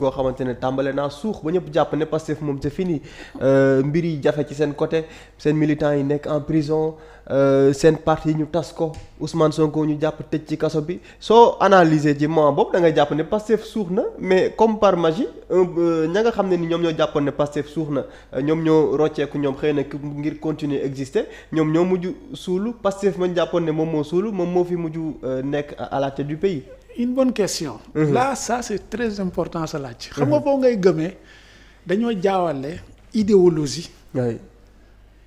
goo xamante ne tàmbale naa suux ba ñëpp jàpp ne Pastef moom c'est fini euh, mbir yi jafe ci seen côté seen militants yi nekk en prison euh, seen parti yi ñu tas ko Ousmane Sonko ñu jàpp tëj ci kaso bi soo analyser ji moment boobu da ngay jàpp ne Pastef suux na mais comme par magie euh, ña nga xam ne ni ñoom ñoo jàppoon ne Pastef suux na ñoom ñoo rocceeku ñoom xëy na ngir continuer exister ñoom ñoo mujj suulu Pastef mañ jàppoon ne moom moo suulu moom moo fi mujj nekk à la tête du une bonne question. Mmh. là ça c'est très important sa laaj. xam nga mhm. foo ngay gëmee dañoo jaawale idéologie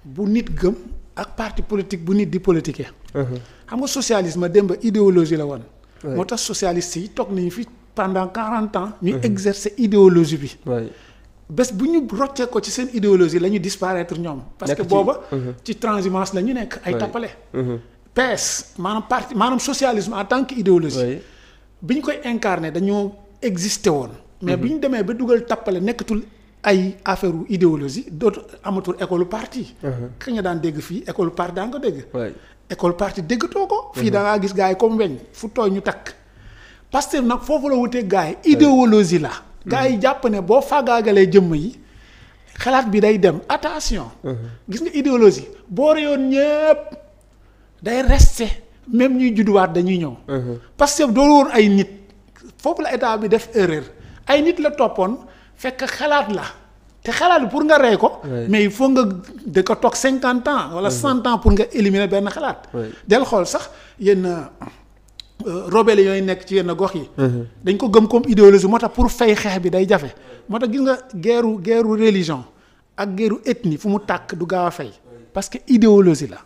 bu nit gëm ak parti politique bu nit di politiquer. Mhm. xam nga socialisme démb idéologie la woon. moo tax socialiste yi toog nañu fi pendant quarante ans. ñu mhm. exercer idéologie bi. bés bu ñu roccee ko ci seen idéologie la ñu disparaître ñoom. parce que booba ci transhumance la ñu nekk ay tappale PS maanaam parti maanaam socialisme en tant que idéologie. bi ñu koy incarné dañoo existé woon. mais bi ñu demee ba dugal tappale nekkatul ay affaire u idéologie dootu amatul école parti. Uh-huh. ka nga daan dégg fii école parti daa nga dégg. école parti déggatoo ko. fii uh-huh. da gis gars yi comme weñ fu tooy ñu takk. Pastef nag foofu la wutee gars yi idéologie la. gars yi mm-hmm. jàpp ne boo faagaagalee jëmm yi. xalaat bi day dem attention. Uh-huh. gis nga idéologie boo reyoon ñëpp day rester. même ñuy judduwaat dañuy ñëw. Uh-huh. parce que doolu woon ay nit foofu la état bi def erreur ay nit la toppoon fekk xalaat la te xalaat bi pour nga rey ko. mais il faut nga da ko toog cinquante ans. wala uh-huh. cent ans pour nga éliminer benn xalaat. del xool sax yenn euh, robele yooyu nekk ci yenn gox yi. Uh-huh. dañ ko gëm comme idéologie moo tax pour fay xeex bi day jafe moo tax gis nga geeru geeru religion ak guerru ethnie fu mu tàkk du gaaw a fay parce que idéologie la.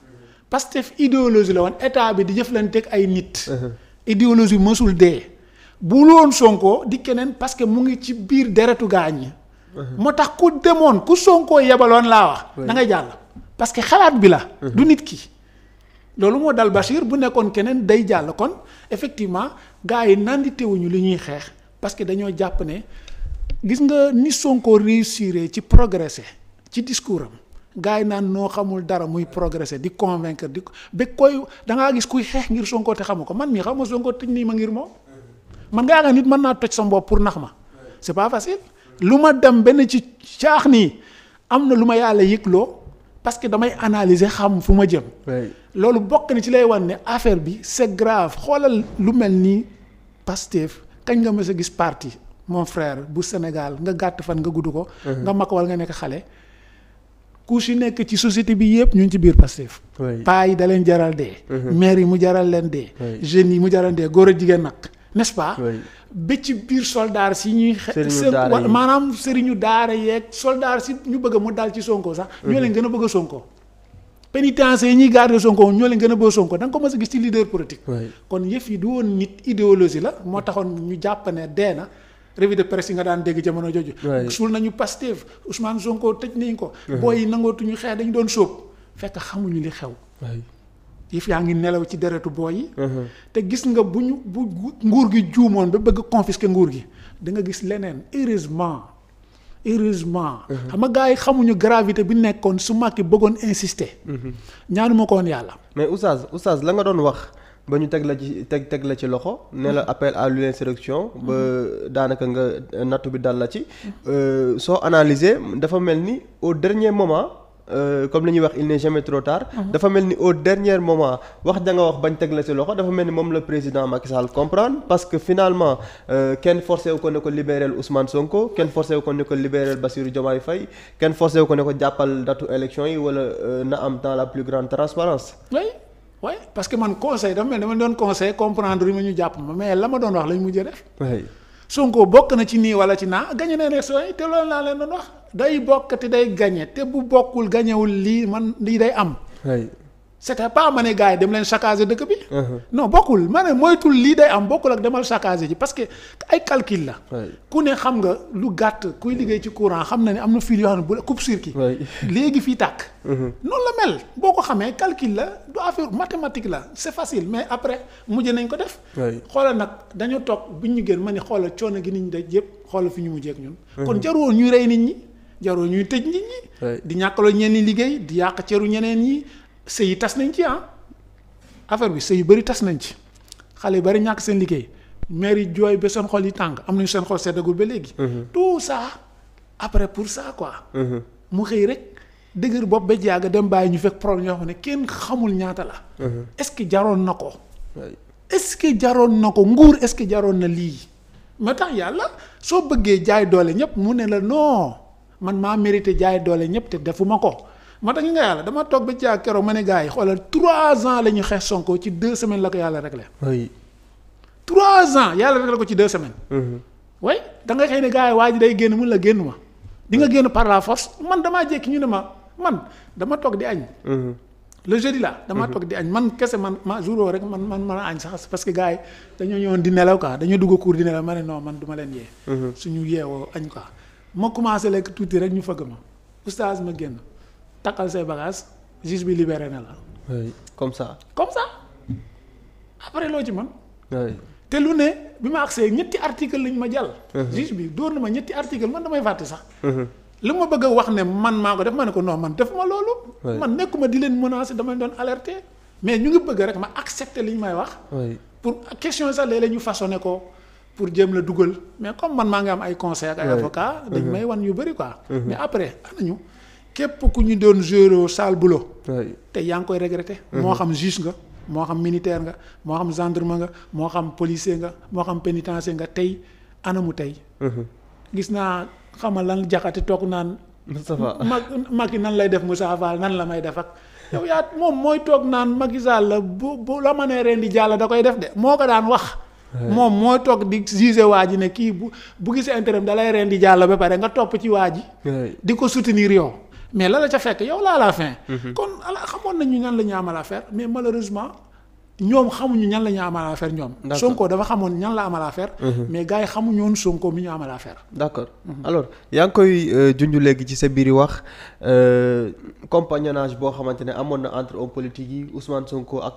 Pastef idéologie la woon état bi di jëflanteeg ay nit. Uh-huh. idéologie mosul dee. bu loon Sonko di keneen parce que mu ngi ci biir deretu ñi uh-huh. moo tax ku demoon ku Sonko yebaloon laa wax. da ngay jàll parce que xalaat bi la. Uh-huh. du nit ki. loolu moo dal Bachir bu nekkoon keneen day jàll kon effectivement gars yi nanditewuñu li ñuy xeex parce que dañoo jàpp ne gis nga ni Sonko réussir ci progresser ci discours am. gars yi naan noo xamul dara muy progresser di convaincre di ba koy dangaa gis kuy xeex ngir Sonko te xamu ko man mii xamuma Sonko tëj nii ma ngir moom man nga yaakaar nit mën naa toj sa mbopp pour nax ma c'est pas facile lu ma dem benn ci caax nii am na lu ma yàlla yëgloo parce que damay analyser xam fu ma jëm. loolu bokk na ci lay wan ne affaire bi c'est grave xoolal lu mel nii Pastef kañ nga mës a gis parti mon frère bu Sénégal nga gàtt fan nga gudd ko. Mhm. nga mag wal nga nekk xale. ku si nekk ci société bi yëpp ñu ngi ci biir Pastef paa yi da jaral dee mhm. maire yi mu jaral leen dee jeunes yi mu jaral dee góor a jigéen nag nest pas ba ci biir soldaar si ñuy maanaam sëriñu daara yeeg soldaar si ñu bëgg mu dal ci Sonko sax ñoo mhm. leen gën a bëgg Sonko pénitencier yi ñuy garder Sonko ñoo leen gën a bëgg Sonko da nga ko mës gis ci leader politique kon yëf yi du woon nit idéologie la moo taxoon ñu jàpp ne dee na revue de presse yi nga daan dégg jamono jooju. suul nañu Pastef Ousmane Sonko tëj nañ ko. booy yi nangootuñu xeex dañu doon sóob fekk xamuñu li xew. yëf yaa ngi nelaw ci deretu booy yi. Uh-huh. te gis nga bu ñu bu nguur gi juumoon ba bëgg confisquer nguur gi da nga gis leneen heureusement heureusement. Uh-huh. xam nga gars yi xamuñu gravité bi nekkoon su Macky bëggoon insister. Uh-huh. ñaanu ma ko yàlla. mais oustaz oustaz la doon wax. ba ñu teg la ci teg teg la ci loxo ne la mm-hmm. appel à l'insurrection ba mm-hmm. daanaka nga nattu bi dal la ci euh, soo analyser dafa mel ni au dernier moment Euh, comme li ñuy wax il n'est jamais trop tard. Mm-hmm. dafa mel ni au dernier moment wax ja nga wax bañ teg la ci loxo dafa mel ni moom la président Macky Sall comprendre parce que finalement euh, kenn forcé wu ko ne ko libéral Ousmane Sonko kenn forcé wu ko ne ko libéral Bassirou Diomaye Faye kenn forcé wu ko ne ko jàppal datu élection yi wala euh, na am dans la plus grande transparence parce que man conseil dafa mel dama doon conseil comprendre lu ma ñu jàpp ma mais la ma doon wax lañ mujjee def. Sonko bokk na ci nii wala ci naa ne na soo yi te lool naa leen doon wax day bokk te day gagné te bu bokkul gagné lii man lii day am. et pas ma ne gars yi dem leen saccager dëkk bi. Uh-huh. non bokkul ma ne moytul lii day am bokkul ak demal saccager ji parce que ay calcul la. ku ne xam nga lu gàtt kuy liggéey ci courant xam na ne am na fii yoo xam ne bu la coupe circuit. léegi fii uh-huh. la boo ko xamee calcul la du affaire mathématique la c'est facile mais après mujj nañ ko def. xoolal nag dañoo toog buñ ñu gën ma ne xoolal coono gi nit ñi daj yëpp xoolal fi ñu mujjee ak ñun. Uh-huh. kon jaroon ñuy rey nit ñi. jaroo ñuy tëj nit ñi. di ñàkkaloo liggéey di yàq ceru ñeneen ñi sëy yi tas nañ ci ah affaire bi sëy yu bëri tas nañ ci xale yu bari ñàkk seen liggéey maire yi jooy ba seen xol yi tànk am nañu seen xol seddagul ba léegi. Mhm. tout ça après pour ça quoi. Mhm. mu xëy rek dëgër bopp ba jaaga dem bàyyi ñu fekk problème yoo xam ne kenn xamul ñaata la. Mhm. est-ce que jaroon na ko. est-ce que jaroon na ko nguur est-ce que jaroon na lii. moo tax yàlla soo bëggee jaay doole ñëpp mu ne la non man maa mérité jaay doole ñëpp te defuma ko. moo tax ñu nga yàlla dama toog ba ci ak keroog ma ne gars yi xoolal trois ans la ñu xeex Sonko ci deux semaines la ko yàlla réglé. oui trois ans yàlla réglé ko ci deux semaines. way mm-hmm. da nga xëy ne gars yi waa ji day génn mun la génn ma di nga génn par la force man damaa jékki ñu ne ma man dama toog di añ. Mm-hmm. le jeudi là damaa mm-hmm. toog di añ man kese man ma jour rek man man mën a añ sax parce que gars yi dañoo ñëwoon di nelaw quoi dañoo dugg cour di nelaw ma ne non man du ma leen yee. suñu yeewoo añ quoi ma commencé lekk tuuti rek ñu fëgg ma oustaz ma génn. takkal say bagages juge bi libéré na la. comme sax comme sax après loo ci man te lu ne bi ma agsee ñetti article lañ ma jàll. Uh-huh. juge bi dóor na ma ñetti article man damay fàtte sax. Uh-huh. li ma bëgg wax ne man maa ko def ma ne ko non man def ma loolu. man nekkuma di leen menacer dama doon alerter mais ñu ngi bëgg rek ma accepter li ñu may wax. pour question sax léeg-léeg ñu façonné ko pour jéem la dugal mais comme man maa ngi am ay conseils ak ay avocats. dañ uh-huh. wan yu bëri quoi. mais après anañu képp ku ñu doon gérer saal boulot te yaa ngi koy regretter. Mhm. moo xam juge nga moo xam militaire nga moo xam gendarme nga moo xam policier nga moo xam pénitencier nga tey anamu tey. Mhm. gis naa xamal lan jaxati toog naan. Moustapha Macky nan lay def Moussa Fall nan la may defar ak. yow yaa moom mooy toog naan Macky Sall la bu bu la mënee ren di jàll da koy def de moo ko daan wax. moom moo toog di gisee waa ji ne kii bu bu gisee intérêt da lay ren di jàll ba pare nga topp ci waa ji. di ko soutenir yow. mais la ca fekk yow laa la fin. Mhm. kon ala xamoon nañu ñan la ñu amal affaire mais malheureusement ñoom xamuñu ñan la ñu amal affaire ñoom. Sonko dafa xamoon ñan la amal affaire. Mhm. mais gars yi xamuñu woon Sonko mi ñu amal affaire. d' accord mhm. alors yaa ngi koy euh, junj léegi ci sa biir wax euh, compagnonnage boo xamante ne amoon na entre homme politique yi Ousmane Sonko ak.